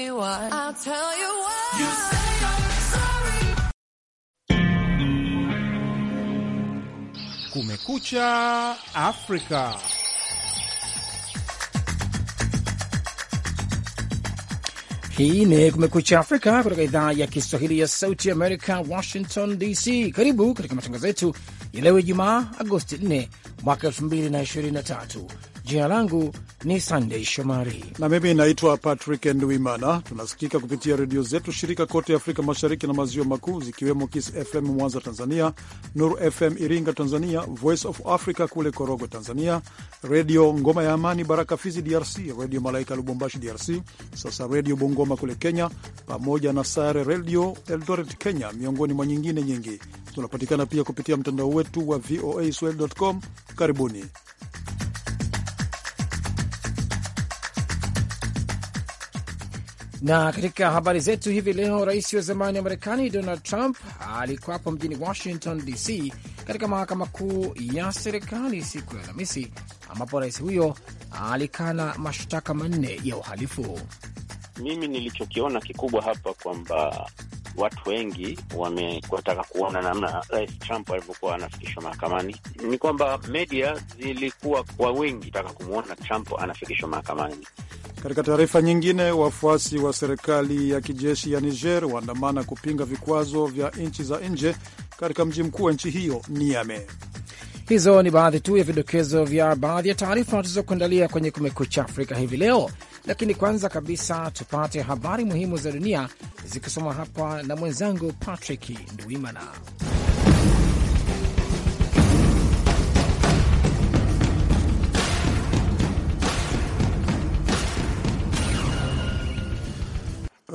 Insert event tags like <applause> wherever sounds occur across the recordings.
you why. I'll tell you why. You say I'm sorry. Kumekucha Afrika. Hii ni Kumekucha Afrika kutoka idhaa ya Kiswahili ya Sauti Amerika, Washington DC. Karibu katika matangazo yetu ya leo Ijumaa, Agosti 4 mwaka 2023. Jina langu ni Sandey Shomari na mimi naitwa Patrick Ndwimana. Tunasikika kupitia redio zetu shirika kote Afrika Mashariki na Maziwa Makuu, zikiwemo Kis FM Mwanza Tanzania, Nur FM Iringa Tanzania, Voice of Africa kule Korogwe Tanzania, Redio Ngoma ya Amani Baraka Fizi DRC, Redio Malaika Lubumbashi DRC, sasa Redio Bongoma kule Kenya, pamoja na Sare Redio Eldoret Kenya, miongoni mwa nyingine nyingi. Tunapatikana pia kupitia mtandao wetu wa VOA Swahili.com. Karibuni. Na katika habari zetu hivi leo, rais wa zamani wa Marekani Donald Trump alikuwa hapo mjini Washington DC katika mahakama kuu ya serikali siku ya Alhamisi, ambapo rais huyo alikana mashtaka manne ya uhalifu. Mimi nilichokiona kikubwa hapa kwamba watu wengi wametaka kuona namna rais Trump alivyokuwa anafikishwa mahakamani, ni kwamba media zilikuwa kwa wingi taka kumwona Trump anafikishwa mahakamani katika taarifa nyingine, wafuasi wa serikali ya kijeshi ya Niger waandamana kupinga vikwazo vya nchi za nje katika mji mkuu wa nchi hiyo Niamey. Hizo ni baadhi tu ya vidokezo vya baadhi ya taarifa tulizokuandalia kwenye Kumekucha Afrika hivi leo, lakini kwanza kabisa tupate habari muhimu za dunia zikisoma hapa na mwenzangu Patrick Nduimana.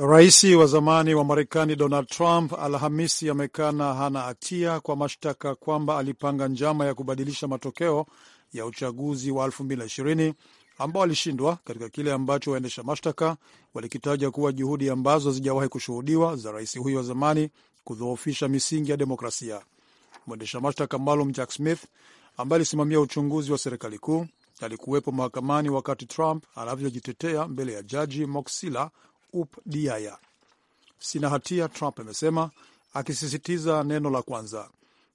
Rais wa zamani wa Marekani Donald Trump Alhamisi amekana hana hatia kwa mashtaka kwamba alipanga njama ya kubadilisha matokeo ya uchaguzi wa 2020 ambao alishindwa katika kile ambacho waendesha mashtaka walikitaja kuwa juhudi ambazo hazijawahi kushuhudiwa za rais huyo wa zamani kudhoofisha misingi ya demokrasia. Mwendesha mashtaka maalum Jack Smith ambaye alisimamia uchunguzi wa serikali kuu alikuwepo mahakamani wakati Trump anavyojitetea mbele ya jaji Moksila Yakup Sina hatia, Trump amesema akisisitiza neno la kwanza.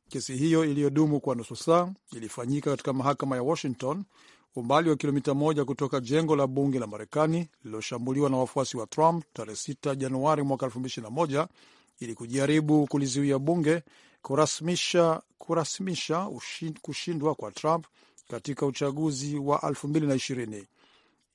Kesi hiyo iliyodumu kwa nusu saa ilifanyika katika mahakama ya Washington, umbali wa kilomita moja kutoka jengo la bunge la Marekani lililoshambuliwa na wafuasi wa Trump tarehe 6 Januari mwaka 2021 ili kujaribu kulizuia bunge kurasmisha, kurasmisha kushindwa kwa Trump katika uchaguzi wa 2020.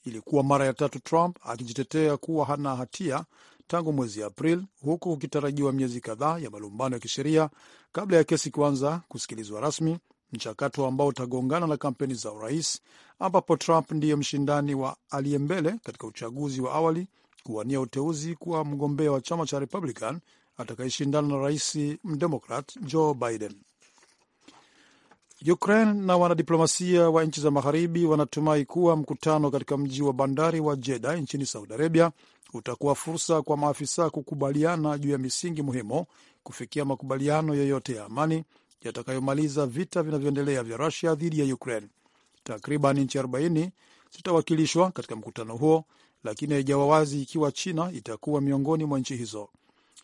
Ilikuwa mara ya tatu Trump akijitetea kuwa hana hatia tangu mwezi april huku ukitarajiwa miezi kadhaa ya malumbano ya kisheria kabla ya kesi kuanza kusikilizwa rasmi, mchakato ambao utagongana na kampeni za urais, ambapo Trump ndiye mshindani wa aliye mbele katika uchaguzi wa awali kuwania uteuzi kuwa mgombea wa chama cha Republican atakayeshindana na rais mdemokrat Joe Biden. Ukraine na wanadiplomasia wa nchi za magharibi wanatumai kuwa mkutano katika mji wa bandari wa jeda nchini Saudi Arabia utakuwa fursa kwa maafisa kukubaliana juu ya misingi muhimu kufikia makubaliano yoyote ya amani yatakayomaliza vita vinavyoendelea vya Rusia dhidi ya Ukraine. Takriban nchi 40 zitawakilishwa katika mkutano huo, lakini haijawa wazi ikiwa China itakuwa miongoni mwa nchi hizo.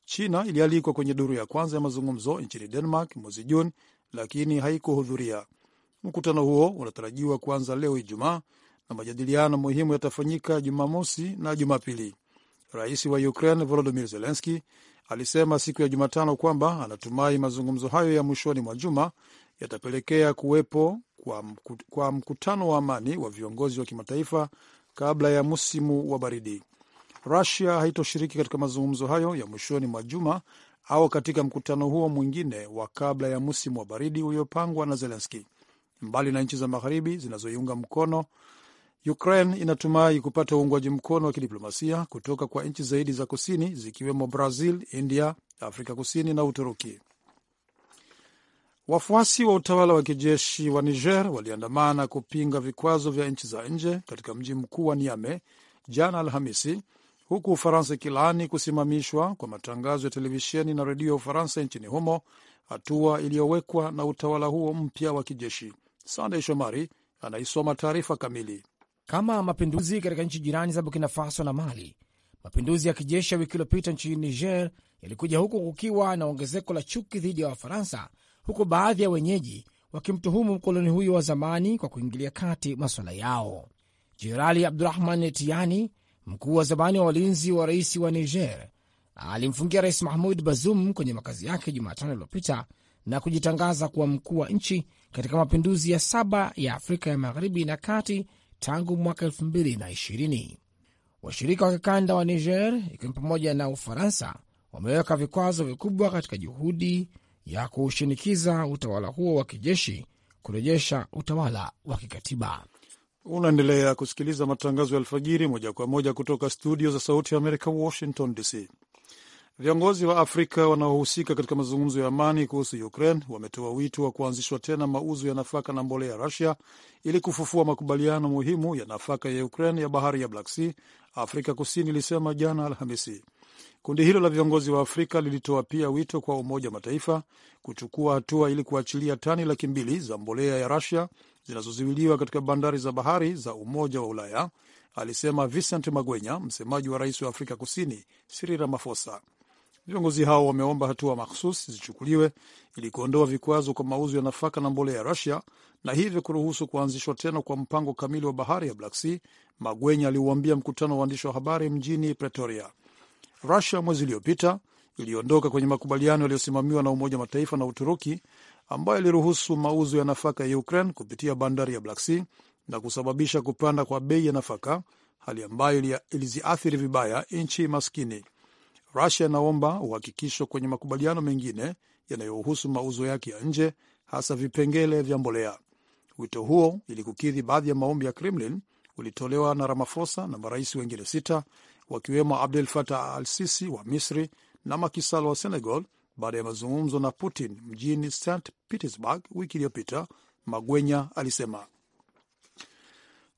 China ilialikwa kwenye duru ya kwanza ya mazungumzo nchini Denmark mwezi Juni lakini haikuhudhuria. Mkutano huo unatarajiwa kuanza leo Ijumaa na majadiliano muhimu yatafanyika Jumamosi na Jumapili. Rais wa Ukraine Volodymyr Zelensky alisema siku ya Jumatano kwamba anatumai mazungumzo hayo ya mwishoni mwa juma yatapelekea kuwepo kwa mkutano wa amani wa viongozi wa kimataifa kabla ya msimu wa baridi. Rusia haitoshiriki katika mazungumzo hayo ya mwishoni mwa juma au katika mkutano huo mwingine wa kabla ya msimu wa baridi uliopangwa na Zelenski. Mbali na nchi za magharibi zinazoiunga mkono Ukraine, inatumai kupata uungwaji mkono wa kidiplomasia kutoka kwa nchi zaidi za kusini zikiwemo Brazil, India, Afrika Kusini na Uturuki. Wafuasi wa utawala wa kijeshi wa Niger waliandamana kupinga vikwazo vya nchi za nje katika mji mkuu wa Niamey jana Alhamisi huku Ufaransa ikilaani kusimamishwa kwa matangazo ya televisheni na redio ya Ufaransa nchini humo, hatua iliyowekwa na utawala huo mpya wa kijeshi. Sandey Shomari anaisoma taarifa kamili. Kama mapinduzi katika nchi jirani za Burkina Faso na Mali, mapinduzi ya kijeshi ya wiki iliyopita nchini Niger yalikuja huku kukiwa na ongezeko la chuki dhidi ya Wafaransa, huku baadhi ya wenyeji wakimtuhumu mkoloni huyo wa zamani kwa kuingilia kati maswala yao. Jenerali Abdurahman Tiani mkuu wa zamani wa walinzi wa rais wa Niger alimfungia rais Mahmud Bazoum kwenye makazi yake Jumatano iliyopita na kujitangaza kuwa mkuu wa nchi katika mapinduzi ya saba ya Afrika ya magharibi na kati tangu mwaka elfu mbili na ishirini. Washirika wa kikanda wa Niger ikiwa pamoja na Ufaransa wameweka vikwazo vikubwa katika juhudi ya kuushinikiza utawala huo wa kijeshi kurejesha utawala wa kikatiba. Unaendelea kusikiliza matangazo ya alfajiri moja kwa moja kutoka studio za Sauti ya Amerika, Washington DC. Viongozi wa Afrika wanaohusika katika mazungumzo ya amani kuhusu Ukraine wametoa wito wa kuanzishwa tena mauzo ya nafaka na mbolea ya Rusia ili kufufua makubaliano muhimu ya nafaka ya Ukraine ya bahari ya Black Sea, Afrika Kusini ilisema jana Alhamisi. Kundi hilo la viongozi wa Afrika lilitoa pia wito kwa Umoja wa Mataifa kuchukua hatua ili kuachilia tani laki mbili za mbolea ya Rusia zinazozuiliwa katika bandari za bahari za Umoja wa Ulaya, alisema Vincent Magwenya, msemaji wa rais wa Afrika Kusini Cyril Ramaphosa. Viongozi hao wameomba hatua mahsusi zichukuliwe ili kuondoa vikwazo kwa mauzo ya nafaka na mbolea ya Rusia na hivyo kuruhusu kuanzishwa tena kwa mpango kamili wa bahari ya Black Sea, Magwenya aliuambia mkutano wa waandishi wa habari mjini Pretoria. Rusia mwezi uliopita iliondoka kwenye makubaliano yaliyosimamiwa na Umoja wa Mataifa na Uturuki ambayo iliruhusu mauzo ya nafaka ya Ukraine kupitia bandari ya Black Sea na kusababisha kupanda kwa bei ya nafaka, hali ambayo iliziathiri vibaya nchi maskini. Rusia inaomba uhakikisho kwenye makubaliano mengine yanayohusu mauzo yake ya nje, hasa vipengele vya mbolea. Wito huo ili kukidhi baadhi ya maombi ya Kremlin ulitolewa na ramafosa na marais wengine sita, wakiwemo Abdel Fattah al Sisi wa Misri na makisal wa Senegal baada ya mazungumzo na Putin mjini St Petersburg wiki iliyopita, Magwenya alisema.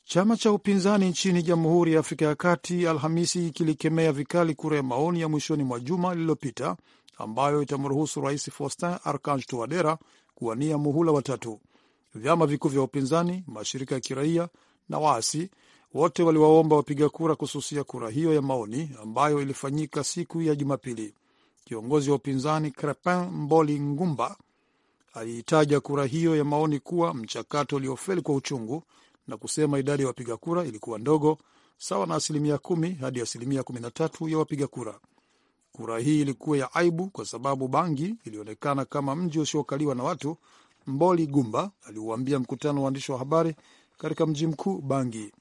Chama cha upinzani nchini Jamhuri ya Afrika ya Kati Alhamisi kilikemea vikali kura ya maoni ya mwishoni mwa juma lililopita ambayo itamruhusu Rais Faustin Archange Touadera kuwania muhula watatu. Vyama vikuu vya upinzani, mashirika ya kiraia na waasi wote waliwaomba wapiga kura kususia kura hiyo ya maoni ambayo ilifanyika siku ya Jumapili. Kiongozi wa upinzani Crepin Mboli Ngumba aliitaja kura hiyo ya maoni kuwa mchakato uliofeli kwa uchungu na kusema idadi ya wapiga kura ilikuwa ndogo, sawa na asilimia kumi hadi asilimia kumi na tatu ya wapiga kura. Kura hii ilikuwa ya aibu kwa sababu Bangi ilionekana kama mji usiokaliwa na watu, Mboli Gumba aliuambia mkutano wa waandishi wa habari katika mji mkuu Bangi.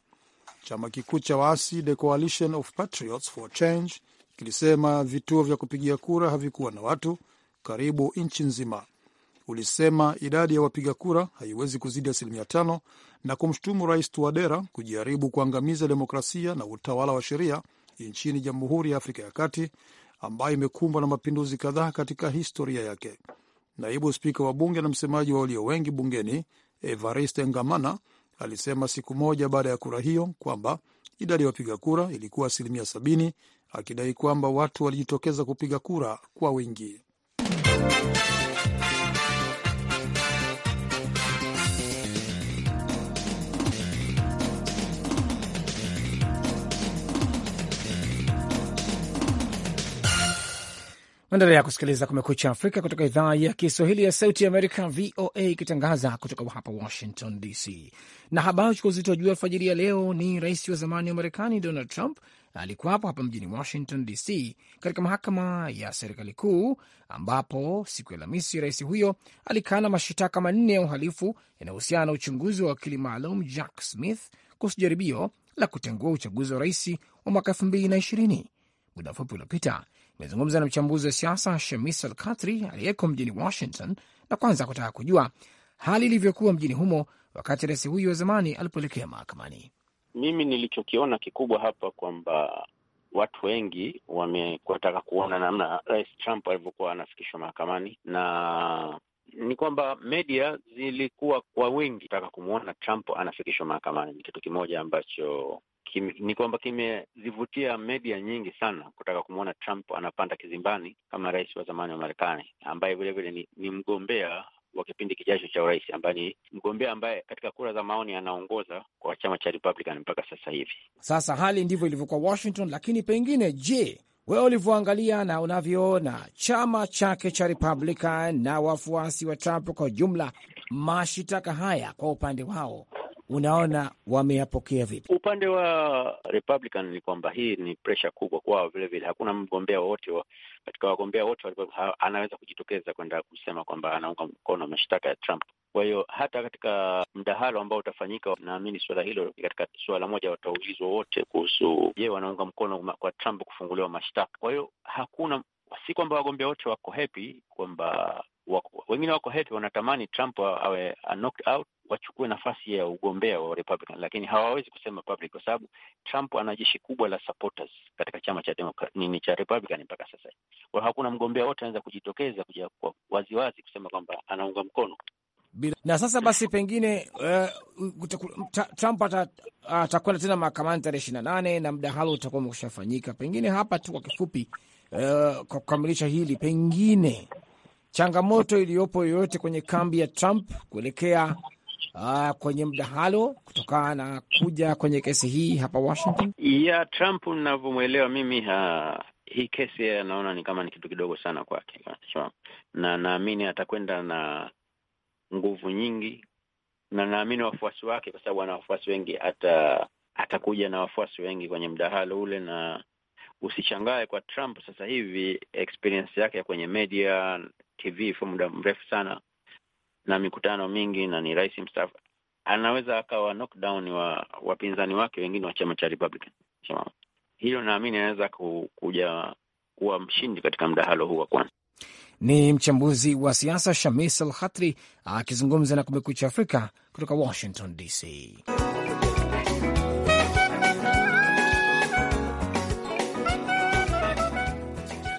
Chama kikuu cha waasi The Coalition of Patriots for Change kilisema vituo vya kupigia kura havikuwa na watu karibu nchi nzima. Ulisema idadi ya wapiga kura haiwezi kuzidi asilimia tano na kumshutumu Rais Tuadera kujaribu kuangamiza demokrasia na utawala wa sheria nchini Jamhuri ya Afrika ya Kati ambayo imekumbwa na mapinduzi kadhaa katika historia yake. Naibu spika wa bunge na msemaji wa walio wengi bungeni Evariste Ngamana alisema siku moja baada ya kura hiyo kwamba idadi ya wapiga kura ilikuwa asilimia sabini akidai kwamba watu walijitokeza kupiga kura kwa wingi. Endelea kusikiliza Kumekucha Afrika kutoka idhaa ya Kiswahili ya Sauti ya Amerika, VOA, ikitangaza kutoka hapa Washington DC. Na habari chukua uzito wa juu alfajiri ya leo ni rais wa zamani wa Marekani Donald Trump alikuwapo hapa mjini Washington DC katika mahakama ya serikali kuu, ambapo siku ya Alhamisi rais huyo alikana mashitaka manne ya uhalifu yanayohusiana na uchunguzi wa wakili maalum Jack Smith kuhusu jaribio la kutengua uchaguzi wa rais wa mwaka elfu mbili na ishirini. Muda mfupi uliopita imezungumza na mchambuzi wa siasa Shamis Al Katri aliyeko mjini Washington, na kwanza kutaka kujua hali ilivyokuwa mjini humo wakati rais huyu wa zamani alipoelekea mahakamani mimi nilichokiona kikubwa hapa kwamba watu wengi wametaka kuona namna Rais Trump alivyokuwa anafikishwa mahakamani na ni kwamba media zilikuwa kwa wingi taka kumwona Trump anafikishwa mahakamani. Ni kitu kimoja ambacho kim, ni kwamba kimezivutia media nyingi sana kutaka kumwona Trump anapanda kizimbani kama rais wa zamani wa Marekani ambaye vilevile ni, ni mgombea wa kipindi kijacho cha urais ambaye ni mgombea ambaye katika kura za maoni anaongoza kwa chama cha Republican mpaka sasa hivi. Sasa hali ndivyo ilivyokuwa Washington, lakini pengine, je, wewe ulivyoangalia na unavyoona chama chake cha Republican na wafuasi wa Trump kwa ujumla, mashitaka haya kwa upande wao unaona wameyapokea vipi? Upande wa Republican ni kwamba hii ni pressure kubwa kwao, vile vile hakuna mgombea wowote katika wagombea wote anaweza kujitokeza kwenda kusema kwamba anaunga mkono mashtaka ya Trump. Kwa hiyo hata katika mdahalo ambao utafanyika, naamini suala hilo katika suala moja wataulizwa wote kuhusu, je, wanaunga mkono kwa Trump kufunguliwa mashtaka. Kwa hiyo hakuna si kwamba wagombea wote wako happy kwamba wengine wako heti wanatamani Trump awe knocked out wachukue nafasi ya ugombea wa Republican, lakini hawawezi kusema public kwa sababu Trump ana jeshi kubwa la supporters katika chama cha nini cha Republican mpaka sasa kwao Kwa hiyo hakuna mgombea wote anaweza kujitokeza kuja kwa waziwazi kusema kwamba anaunga mkono bila. Na sasa basi pengine uh, Trump atakwenda tena mahakamani tarehe ishirini na nane na mdahalo utakuwa umekushafanyika. Pengine hapa tu kwa kifupi, uh, kwa kukamilisha hili pengine changamoto iliyopo yoyote kwenye kambi ya Trump kuelekea Uh, kwenye mdahalo kutokana na kuja kwenye kesi hii hapa Washington ya Trump, navyomwelewa mimi ha, ah, hii kesi anaona ni kama ni kitu kidogo sana kwake, na naamini atakwenda na nguvu nyingi, na naamini wafuasi wake, kwa sababu ana wafuasi wengi, ata atakuja na wafuasi wengi kwenye mdahalo ule, na usishangae kwa Trump sasa hivi experience yake ya kwenye media TV kwa muda mrefu sana na mikutano mingi, na ni rais mstaafu, anaweza akawa knockdown wa wapinzani wake wengine wa chama cha Republican. Hilo naamini anaweza kuja kuwa mshindi katika mdahalo huu wa kwanza. Ni mchambuzi wa siasa Shamis Al akizungumza na Kumekucha Afrika kutoka Washington DC.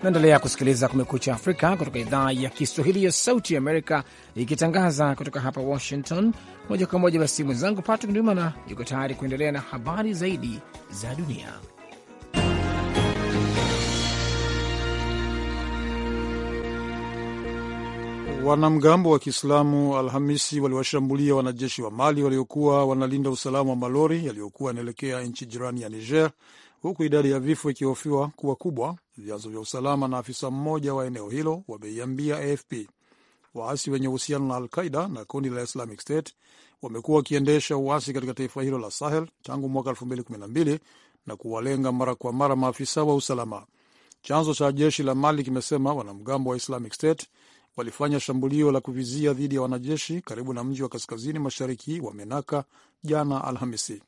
Naendelea kusikiliza Kumekucha Afrika kutoka idhaa ya Kiswahili ya Sauti ya Amerika, ikitangaza kutoka hapa Washington moja kwa moja. Basi mwenzangu Patrick Ndumana yuko tayari kuendelea na habari zaidi za dunia. Wanamgambo wa Kiislamu Alhamisi waliwashambulia wanajeshi wa Mali waliokuwa wanalinda usalama wa malori yaliyokuwa yanaelekea nchi jirani ya Niger huku idadi ya vifo ikihofiwa kuwa kubwa, vyanzo vya usalama na afisa mmoja wa eneo hilo wameiambia AFP. Waasi wenye uhusiano na Alqaida na kundi la Islamic State wamekuwa wakiendesha uasi katika taifa hilo la Sahel tangu mwaka 2012 na kuwalenga mara kwa mara maafisa wa usalama. Chanzo cha jeshi la Mali kimesema wanamgambo wa Islamic State walifanya shambulio la kuvizia dhidi ya wanajeshi karibu na mji wa kaskazini mashariki wa Menaka jana Alhamisi.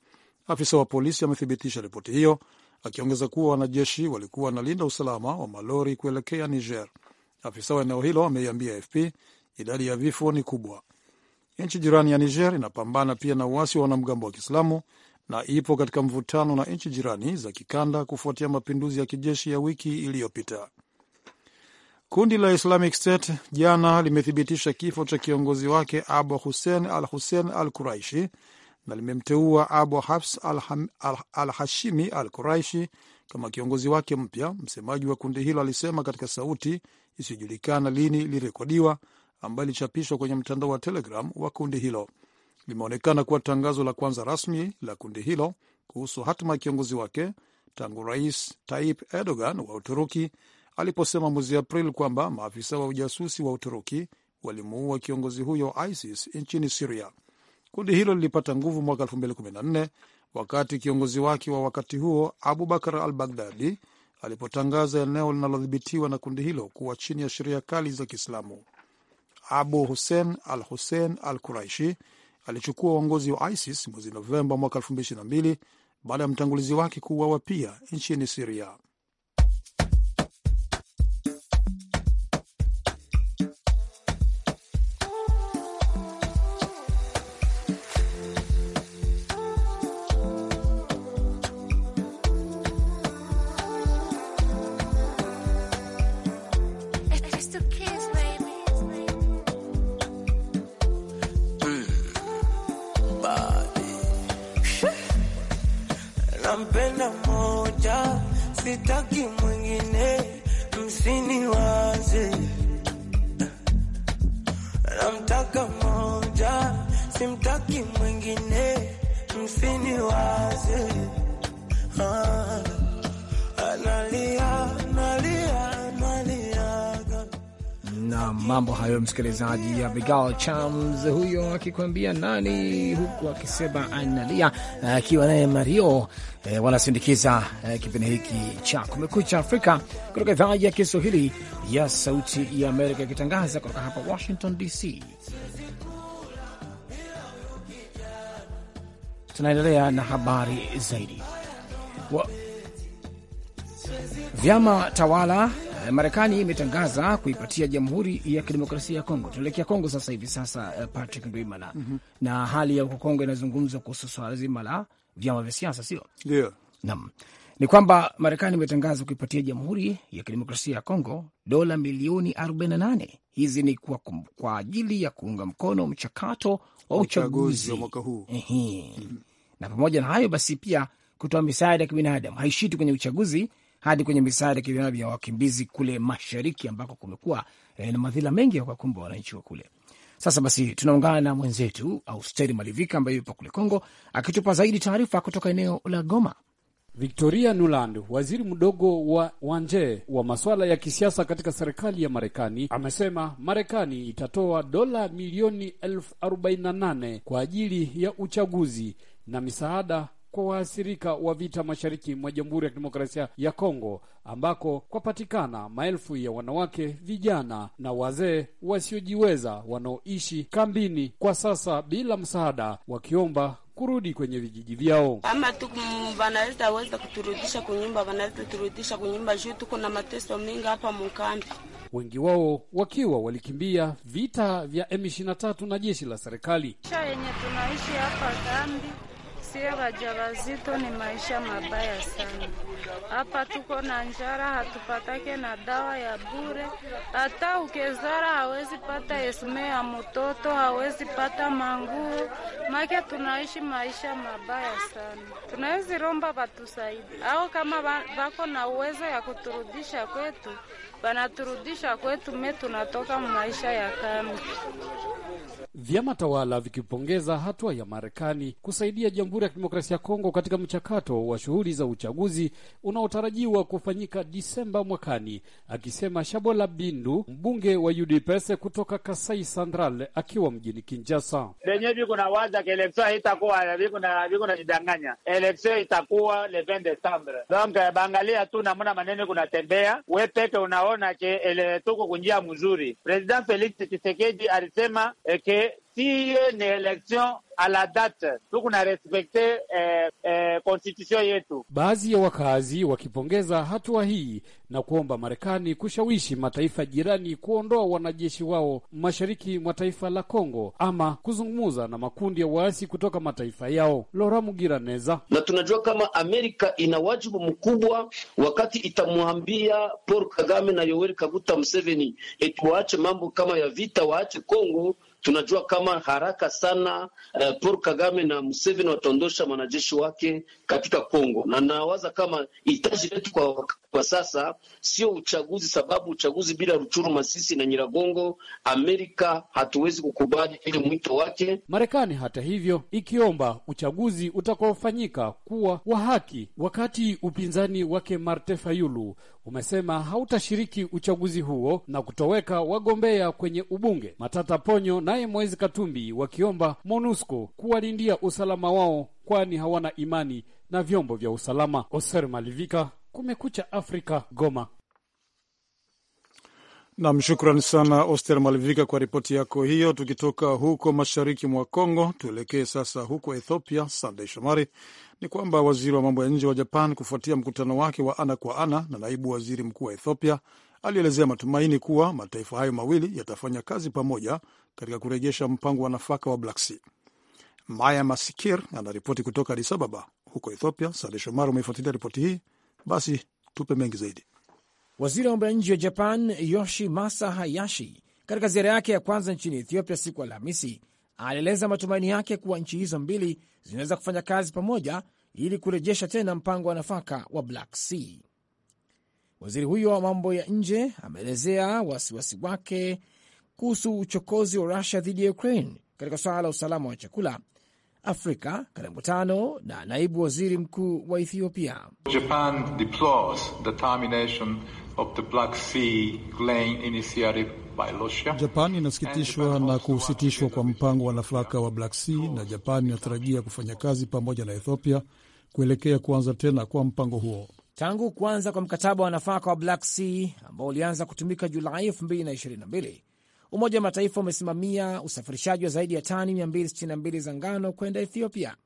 Afisa wa polisi amethibitisha ripoti hiyo akiongeza kuwa wanajeshi walikuwa wanalinda usalama wa malori kuelekea Niger. Afisa wa eneo hilo ameiambia AFP idadi ya vifo ni kubwa. Nchi jirani ya Niger inapambana pia na uasi wa wanamgambo wa Kiislamu na ipo katika mvutano na nchi jirani za kikanda kufuatia mapinduzi ya kijeshi ya wiki iliyopita. Kundi la Islamic State jana limethibitisha kifo cha kiongozi wake Abu Hussein al Hussein al Quraishi na limemteua Abu Hafs al-Hashimi al, Quraishi kama kiongozi wake mpya. Msemaji wa kundi hilo alisema katika sauti isiyojulikana lini ilirekodiwa, ambayo ilichapishwa kwenye mtandao wa Telegram wa kundi hilo. Limeonekana kuwa tangazo la kwanza rasmi la kundi hilo kuhusu hatima ya kiongozi wake tangu Rais Tayyip Erdogan wa Uturuki aliposema mwezi Aprili kwamba maafisa wa ujasusi wa Uturuki walimuua kiongozi huyo ISIS nchini Siria. Kundi hilo lilipata nguvu mwaka 2014 wakati kiongozi wake wa wakati huo Abubakar al Baghdadi alipotangaza eneo linalodhibitiwa na kundi hilo kuwa chini ya sheria kali za Kiislamu. Abu Hussein al Hussein al Quraishi alichukua uongozi wa ISIS mwezi Novemba mwaka 2022 baada ya mtangulizi wake kuuawa pia nchini Siria. Mambo hayo msikilizaji, ya Bigal Chams huyo akikuambia nani, huku akisema analia, akiwa naye Mario e, wanasindikiza e, kipindi hiki cha Kumekucha Afrika kutoka idhaa ya Kiswahili ya Sauti ya Amerika, ikitangaza kutoka hapa Washington DC. Tunaendelea na habari zaidi wa... vyama tawala Eh, Marekani imetangaza kuipatia Jamhuri ya Kidemokrasia ya Kongo. Tunaelekea Kongo sasa hivi sasa, uh, Patrick Ndwimana. mm -hmm. na hali ya huko Kongo inazungumzwa kuhusu swala zima la vyama vya siasa, sio ndio? Naam, ni kwamba Marekani imetangaza kuipatia Jamhuri ya Kidemokrasia ya Kongo dola milioni 48. Hizi ni kwa, kwa ajili ya kuunga mkono mchakato wa uchaguzi wa mwaka huu. mm -hmm. na pamoja na hayo basi pia kutoa misaada ya kibinadamu haishiti kwenye uchaguzi hadi kwenye misaada ya kibinadamu ya wakimbizi kule mashariki ambako kumekuwa eh, na madhila mengi ya kuwakumba wananchi wa kule. Sasa basi tunaungana na mwenzetu Austeri Malivika ambaye yupo kule Kongo akitupa zaidi taarifa kutoka eneo la Goma. Victoria Nuland, waziri mdogo wa wanje wa masuala ya kisiasa katika serikali ya Marekani, amesema Marekani itatoa dola milioni elfu arobaini na nane kwa ajili ya uchaguzi na misaada kwa waathirika wa vita mashariki mwa Jamhuri ya Kidemokrasia ya Kongo, ambako kwapatikana maelfu ya wanawake, vijana na wazee wasiojiweza wanaoishi kambini kwa sasa bila msaada, wakiomba kurudi kwenye vijiji vyao. Ama tu vanaleta weza kuturudisha kunyumba, vanaleta turudisha kunyumba juu tuko na mateso mengi hapa mukambi wengi wao wakiwa walikimbia vita vya M23 na jeshi la serikali. Sha yenye tunaishi hapa kambi sie wajawazito ni maisha mabaya sana. Hapa tuko na njara, hatupatake na dawa ya bure. Hata ukezara hawezi pata esme ya mtoto, hawezi pata manguo make. Tunaishi maisha mabaya sana, tunawezi romba watusaidi au kama wako na uwezo ya kuturudisha kwetu, wanaturudisha kwetu, me tunatoka maisha ya kambi vyama tawala vikipongeza hatua ya Marekani kusaidia Jamhuri ya Kidemokrasia ya Kongo katika mchakato wa shughuli za uchaguzi unaotarajiwa kufanyika Disemba mwakani, akisema Shabola Bindu, mbunge wa UDPS kutoka Kasai Central, akiwa mjini Kinjasa. Venye viko na waza ke eleksio itakuwa viko najidanganya, eleksio itakuwa le 20 Desembre, donc bangalia tu namuna maneno kunatembea, we peke unaona ke tuko kunjia mzuri. President Felix Tshisekedi alisema eh, ke si une élection à la date tuku na respecte eh, eh, constitution yetu. Baadhi ya wakazi wakipongeza hatua hii na kuomba Marekani kushawishi mataifa jirani kuondoa wanajeshi wao mashariki mwa taifa la Kongo ama kuzungumza na makundi ya waasi kutoka mataifa yao. Lora Mugiraneza: na tunajua kama Amerika ina wajibu mkubwa wakati itamwambia Paul Kagame na Yoweri Kaguta Museveni etuwaache mambo kama ya vita, waache Kongo tunajua kama haraka sana uh, Paul Kagame na Museveni wataondosha mwanajeshi wake katika Kongo, na nawaza kama hitaji letu kwa, kwa sasa sio uchaguzi, sababu uchaguzi bila Ruchuru, Masisi na Nyiragongo, Amerika hatuwezi kukubali ile mwito wake. Marekani hata hivyo ikiomba uchaguzi utakaofanyika kuwa wa haki, wakati upinzani wake Marte Fayulu umesema hautashiriki uchaguzi huo na kutoweka wagombea kwenye ubunge. Matata Ponyo na naye Mwezi Katumbi wakiomba MONUSCO kuwalindia usalama wao, kwani hawana imani na vyombo vya usalama. Oser Malivika, Kumekucha Afrika, Goma. Nam, shukran sana Oster Malivika kwa ripoti yako hiyo. Tukitoka huko mashariki mwa Kongo, tuelekee sasa huko Ethiopia. Sandey Shomari, ni kwamba waziri wa mambo ya nje wa Japan, kufuatia mkutano wake wa ana kwa ana na naibu waziri mkuu wa Ethiopia, alielezea matumaini kuwa mataifa hayo mawili yatafanya kazi pamoja katika kurejesha mpango wa nafaka wa Black Sea. Maya Masikir anaripoti kutoka Addis Ababa huko Ethiopia. Sande Shomari umeifuatilia ripoti hii, basi tupe mengi zaidi. Waziri wa mambo ya nje wa Japan Yoshi Masa Hayashi katika ziara yake ya kwanza nchini Ethiopia siku Alhamisi alieleza matumaini yake kuwa nchi hizo mbili zinaweza kufanya kazi pamoja ili kurejesha tena mpango wa nafaka wa Black Sea. Waziri huyo wa mambo ya nje ameelezea wasiwasi wake kuhusu uchokozi wa Rusia dhidi ya Ukraine katika suala la usalama wa chakula Afrika katika mkutano na naibu waziri mkuu wa Ethiopia. Japan deplores the termination of the Black Sea Lane initiative by Russia. Japan inasikitishwa na kusitishwa kwa mpango wa nafaka wa Black Sea, na Japan inatarajia kufanya kazi pamoja na Ethiopia kuelekea kuanza tena kwa mpango huo. Tangu kuanza kwa mkataba wa nafaka wa Black Sea ambao ulianza kutumika Julai Umoja wa Mataifa umesimamia usafirishaji wa zaidi ya tani 262 za ngano kwenda Ethiopia.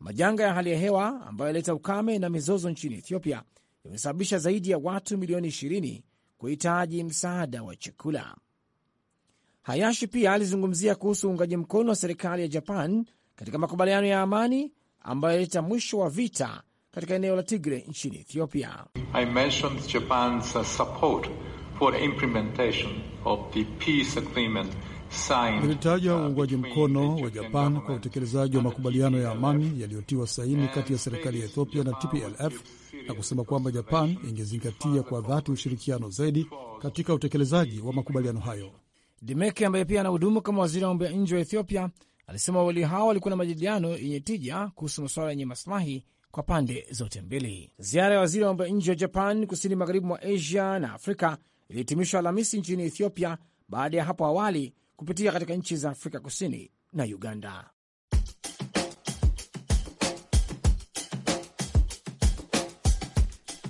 Majanga ya hali ya hewa ambayo yaleta ukame na mizozo nchini Ethiopia yamesababisha zaidi ya watu milioni 20 kuhitaji msaada wa chakula. Hayashi pia alizungumzia kuhusu uungaji mkono wa serikali ya Japan katika makubaliano ya amani ambayo yaleta mwisho wa vita katika eneo la Tigre nchini Ethiopia. I for implementation of the peace agreement signed. Uh, uungwaji mkono wa Japan kwa utekelezaji wa makubaliano ya amani yaliyotiwa saini kati ya serikali ya Ethiopia na TPLF na kusema kwamba Japan ingezingatia kwa dhati ushirikiano zaidi katika utekelezaji wa makubaliano hayo. Demeke ambaye pia anahudumu kama waziri wa mambo ya nje wa Ethiopia alisema wawili hao walikuwa na majadiliano yenye tija kuhusu masuala yenye masilahi kwa pande zote mbili. Ziara ya waziri wa mambo ya nje wa Japan kusini magharibi mwa Asia na Afrika ilihitimishwa Alhamisi nchini Ethiopia baada ya hapo awali kupitia katika nchi za Afrika Kusini na Uganda.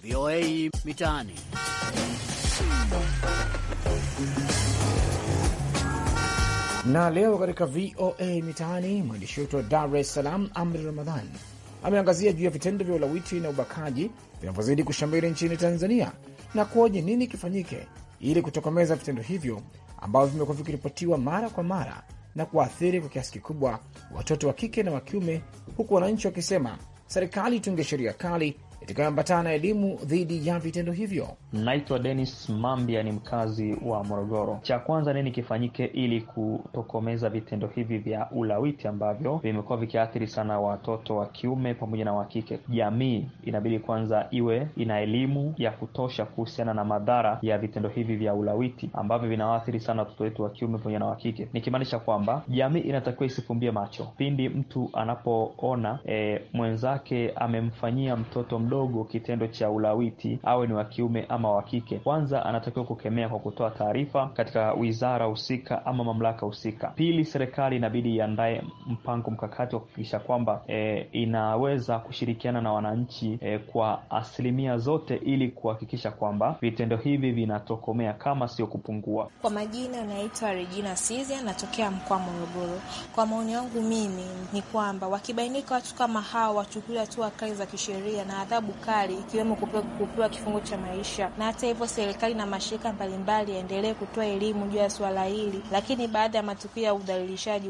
VOA Mitaani. Na leo katika VOA Mitaani, mwandishi wetu wa Dar es Salaam Amri Ramadhan ameangazia juu ya vitendo vya ulawiti na ubakaji vinavyozidi kushamiri nchini Tanzania na kuonya nini kifanyike ili kutokomeza vitendo hivyo ambavyo vimekuwa vikiripotiwa mara kwa mara na kuwaathiri kwa kiasi kikubwa watoto wa kike na wa kiume, huku wananchi wakisema serikali itunge sheria kali itakayoambatana na elimu dhidi ya vitendo hivyo. Naitwa denis Mambia, ni mkazi wa Morogoro. Cha kwanza nini kifanyike ili kutokomeza vitendo hivi vya ulawiti ambavyo vimekuwa vikiathiri sana watoto wa kiume pamoja na wa kike? Jamii inabidi kwanza iwe ina elimu ya kutosha kuhusiana na madhara ya vitendo hivi vya ulawiti ambavyo vinawaathiri sana watoto wetu wa kiume pamoja na wa kike, nikimaanisha kwamba jamii inatakiwa isifumbie macho pindi mtu anapoona e, mwenzake amemfanyia mtoto mdo mdogo kitendo cha ulawiti, awe ni wa kiume ama wa kike, kwanza anatakiwa kukemea kwa kutoa taarifa katika wizara husika ama mamlaka husika. Pili, serikali inabidi iandae mpango mkakati wa kuhakikisha kwamba e, inaweza kushirikiana na wananchi e, kwa asilimia zote ili kuhakikisha kwamba vitendo hivi vinatokomea kama sio kupungua. Kwa majina, naitwa Regina Sizia, natokea mkoa Morogoro. Kwa maoni yangu mimi ni kwamba wakibainika watu kama hawa wachukuli hatua kali za kisheria na adhabu adhabu kali ikiwemo kupewa kifungo cha maisha. Na hata hivyo, serikali na mashirika mbalimbali yaendelee kutoa elimu juu ya suala hili, lakini baada ya matukio ya udhalilishaji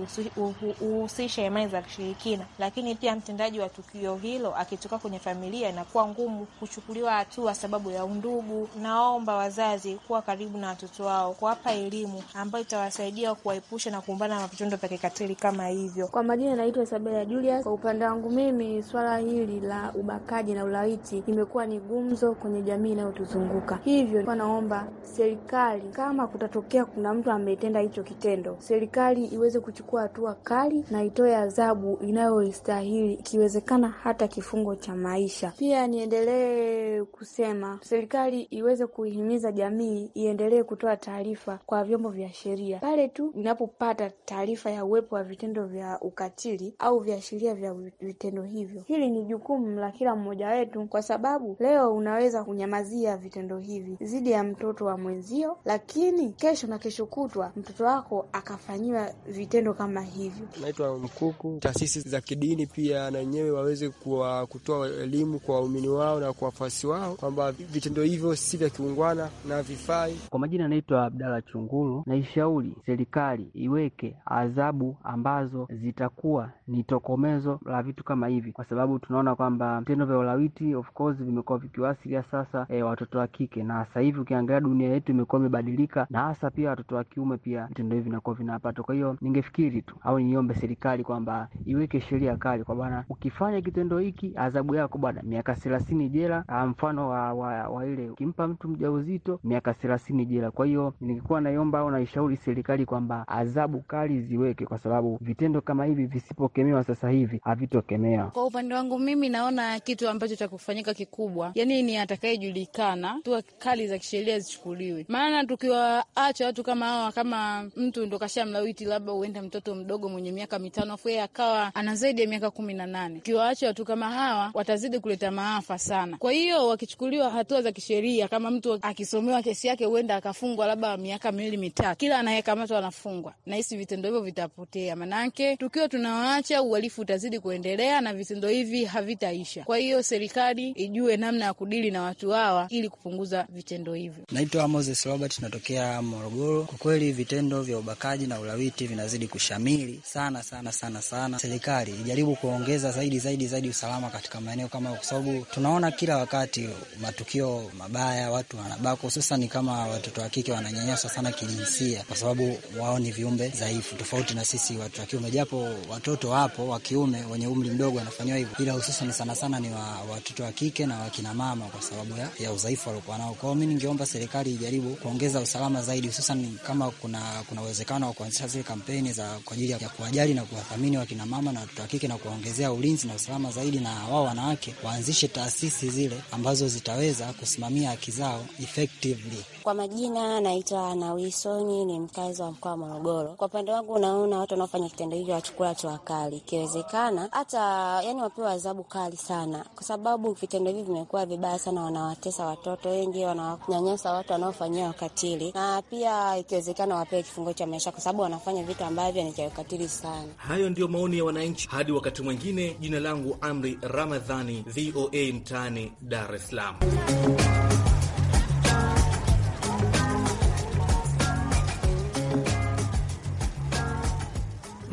huhusisha imani za kishirikina, lakini pia mtendaji wa tukio hilo akitoka kwenye familia inakuwa ngumu kuchukuliwa hatua sababu ya undugu. Naomba wazazi kuwa karibu na watoto wao, kuwapa elimu ambayo itawasaidia kuwaepusha na kuumbana na vitendo vya kikatili kama hivyo. Kwa majina naitwa Sabela Julius. Kwa upande wangu mimi, swala hili la ubakaji na ulawiti imekuwa ni gumzo kwenye jamii inayotuzunguka. Hivyo naomba serikali, kama kutatokea kuna mtu ametenda hicho kitendo, serikali iweze kuchukua hatua kali na itoe adhabu inayostahili, ikiwezekana hata kifungo cha maisha. Pia niendelee kusema serikali iweze kuihimiza jamii iendelee kutoa taarifa kwa vyombo vya sheria pale tu inapopata taarifa ya uwepo wa vitendo vya ukatili au viashiria vya vitendo hivyo. Hili ni jukumu la kila mmoja wetu kwetu, kwa sababu leo unaweza kunyamazia vitendo hivi dhidi ya mtoto wa mwenzio, lakini kesho na kesho kutwa mtoto wako akafanyiwa vitendo kama hivyo. Naitwa Mkuku. Taasisi za kidini pia na wenyewe waweze kuwa kutoa elimu kwa waumini wao na kwa wafuasi wao kwamba vitendo hivyo si vya kiungwana na vifai. Kwa majina anaitwa Abdala Chunguru. Naishauri serikali iweke adhabu ambazo zitakuwa ni tokomezo la vitu kama hivi, kwa sababu tunaona kwamba vitendo vya ulawiti viti of course vimekuwa vikiwasilia sasa e, watoto wa kike, na sasa hivi ukiangalia dunia yetu imekuwa imebadilika, na hasa pia watoto wa kiume pia vitendo hivi vinakuwa vinapata. Kwa hiyo ningefikiri tu au niombe serikali kwamba iweke sheria kali kwa bwana, ukifanya kitendo hiki adhabu yako bwana miaka thelathini jela, ah, mfano wa, wa, wa ile ukimpa mtu mjauzito miaka thelathini jela. Kwa hiyo ningekuwa naiomba au naishauri serikali kwamba adhabu kali ziweke, kwa sababu vitendo kama hivi visipokemewa sasa hivi havitokemewa. Kwa upande wangu mimi naona kitu ambacho cha kufanyika kikubwa, yani ni atakayejulikana, hatua kali za kisheria zichukuliwe. Maana tukiwaacha watu kama hawa, kama mtu ndo kasha mlawiti, labda huenda mtoto mdogo mwenye miaka mitano afu yeye akawa ana zaidi ya miaka kumi na nane, tukiwaacha watu kama hawa watazidi kuleta maafa sana. Kwa hiyo wakichukuliwa hatua za kisheria, kama mtu akisomewa kesi yake, huenda akafungwa labda miaka miwili mitatu, kila anayekamatwa anafungwa. na hisi vitendo hivyo vitapotea, manake tukiwa tunawaacha uhalifu utazidi kuendelea na vitendo hivi havitaisha. Kwa hiyo serikali serikali ijue namna ya kudili na watu hawa ili kupunguza vitendo hivyo. Naitwa Moses Robert, natokea Morogoro. Kwa kweli vitendo vya ubakaji na ulawiti vinazidi kushamili sana sana sana sana. Serikali ijaribu kuongeza zaidi zaidi zaidi usalama katika maeneo kama, kwa sababu tunaona kila wakati matukio mabaya, watu wanabaka, hususan kama watoto wa kike wananyanyaswa sana kijinsia, kwa sababu wao ni viumbe dhaifu tofauti na sisi watu wa kiume, japo watoto wapo wa kiume wenye umri mdogo wanafanyiwa hivyo, ila hususan sana sana ni wa, wa watoto wa kike na wakina mama kwa sababu ya, ya udhaifu waliokuwa nao. Kwa hiyo mi ningeomba serikali ijaribu kuongeza usalama zaidi, hususan kama kuna kuna uwezekano wa kuanzisha zile kampeni za kwa ajili ya kuwajali na kuwathamini wakina mama na watoto wa kike na kuwaongezea ulinzi na usalama zaidi, na wao wanawake waanzishe taasisi zile ambazo zitaweza kusimamia haki zao effectively. Kwa majina naitwa Nawisoni, ni mkazi wa mkoa wa Morogoro. Kwa upande wangu, naona watu wanaofanya kitendo hicho wachukulia hatua kali, ikiwezekana hata yani wapewa adhabu kali sana, kwa sababu sababu vitendo hivi vimekuwa vibaya sana, wanawatesa watoto wengi, wanawanyanyasa watu wanaofanyia ukatili, na pia ikiwezekana wapewe kifungo cha maisha, kwa sababu wanafanya vitu ambavyo ni vya ukatili sana. Hayo ndiyo maoni ya wananchi. Hadi wakati mwingine, jina langu Amri Ramadhani, VOA Mtaani, Dar es Salaam.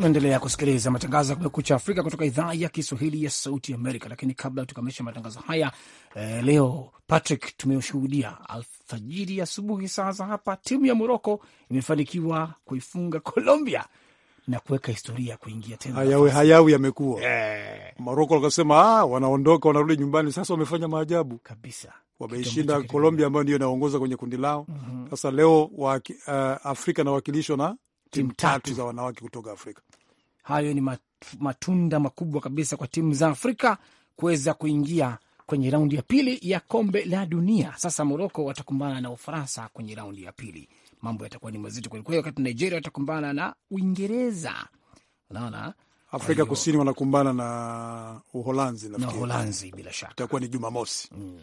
Naendelea kusikiliza matangazo ya Kumekucha Afrika kutoka idhaa ya Kiswahili ya Sauti Amerika. Lakini kabla tukamilisha matangazo haya eh, leo Patrick, tumeshuhudia alfajiri asubuhi saa za hapa, timu ya Moroko imefanikiwa kuifunga Colombia na kuweka historia kuingia tena. Hayawi hayawi yamekuwa yeah. Moroko wakasema ah, wanaondoka, wanarudi nyumbani. Sasa wamefanya maajabu kabisa, wameishinda Colombia ambayo ndio inaongoza kwenye kundi lao. Mhm. Sasa mm -hmm. leo wa, uh, eh, Afrika inawakilishwa na timu tatu za wanawake kutoka Afrika hayo ni matunda makubwa kabisa kwa timu za Afrika kuweza kuingia kwenye raundi ya pili ya kombe la dunia. Sasa Moroko watakumbana na Ufaransa kwenye raundi ya pili, mambo yatakuwa ni mazito kwelikweli, wakati Nigeria watakumbana na Uingereza. Unaona, Afrika Kusini wanakumbana na Uholanzi na Uholanzi, bila shaka itakuwa ni Jumamosi. mm.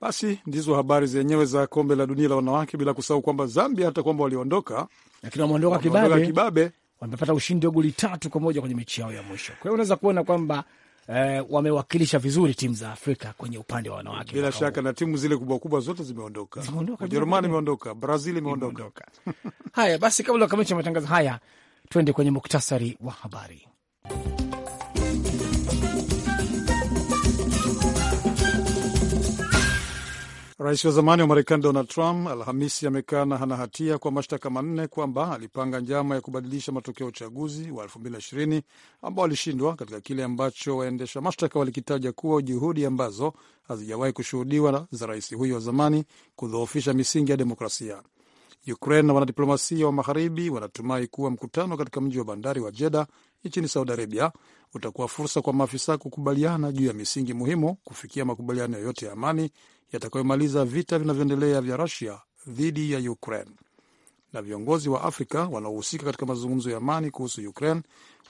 Basi ndizo habari zenyewe za kombe la dunia la wanawake, bila kusahau kwamba Zambia hata kwamba waliondoka, lakini wameondoka kibabe, kibabe wamepata ushindi wa goli tatu kwa moja kwenye mechi yao ya mwisho. Kwa hiyo unaweza kuona kwamba eh, wamewakilisha vizuri timu za Afrika kwenye upande wa wanawake bila shaka, na timu zile kubwa kubwa zote zimeondoka. Ujerumani imeondoka, Brazil imeondoka. <laughs> Haya basi, kabla ya kukamilisha matangazo haya, tuende kwenye muktasari wa habari. Rais wa zamani wa Marekani Donald Trump Alhamisi amekana hana hatia kwa mashtaka manne kwamba alipanga njama ya kubadilisha matokeo ya uchaguzi wa 2020 ambao alishindwa katika kile ambacho waendesha mashtaka walikitaja kuwa juhudi ambazo hazijawahi kushuhudiwa za rais huyo wa zamani kudhoofisha misingi ya demokrasia. Ukraine na wanadiplomasia wa magharibi wanatumai kuwa mkutano katika mji wa bandari wa jeda nchini Saudi Arabia utakuwa fursa kwa maafisa kukubaliana juu ya misingi muhimu kufikia makubaliano yoyote ya amani yatakayomaliza vita vinavyoendelea vya Rusia dhidi ya Ukraine. Na viongozi wa Afrika wanaohusika katika mazungumzo ya amani kuhusu Ukraine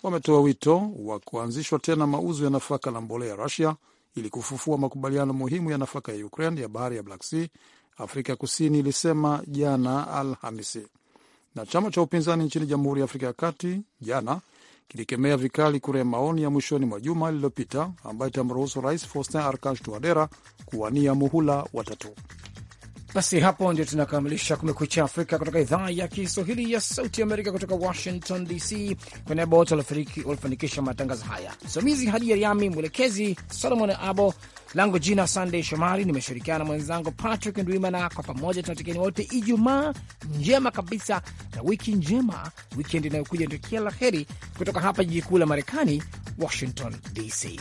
wametoa wito wa kuanzishwa tena mauzo ya nafaka na mbolea ya Rusia ili kufufua makubaliano muhimu ya nafaka ya Ukraine ya bahari ya Black Sea Afrika Kusini ilisema jana Alhamisi, na chama cha upinzani nchini Jamhuri ya Afrika ya Kati jana kilikemea vikali kura ya maoni ya mwishoni mwa juma lililopita ambayo itamruhusu Rais Faustin Archange Touadera kuwania muhula watatu basi hapo ndio tunakamilisha Kumekucha Afrika kutoka idhaa ya Kiswahili ya Sauti Amerika kutoka Washington DC. Kwa niaba wote walifanikisha matangazo haya, msimamizi Hadi Yariami, mwelekezi Solomon Abo, langu jina Sandey Shomari, nimeshirikiana na mwenzangu Patrick Ndwimana. Kwa pamoja tunatakieni wote Ijumaa njema kabisa na wiki njema, wikendi inayokuja ndio kila la heri kutoka hapa jiji kuu la Marekani, Washington DC.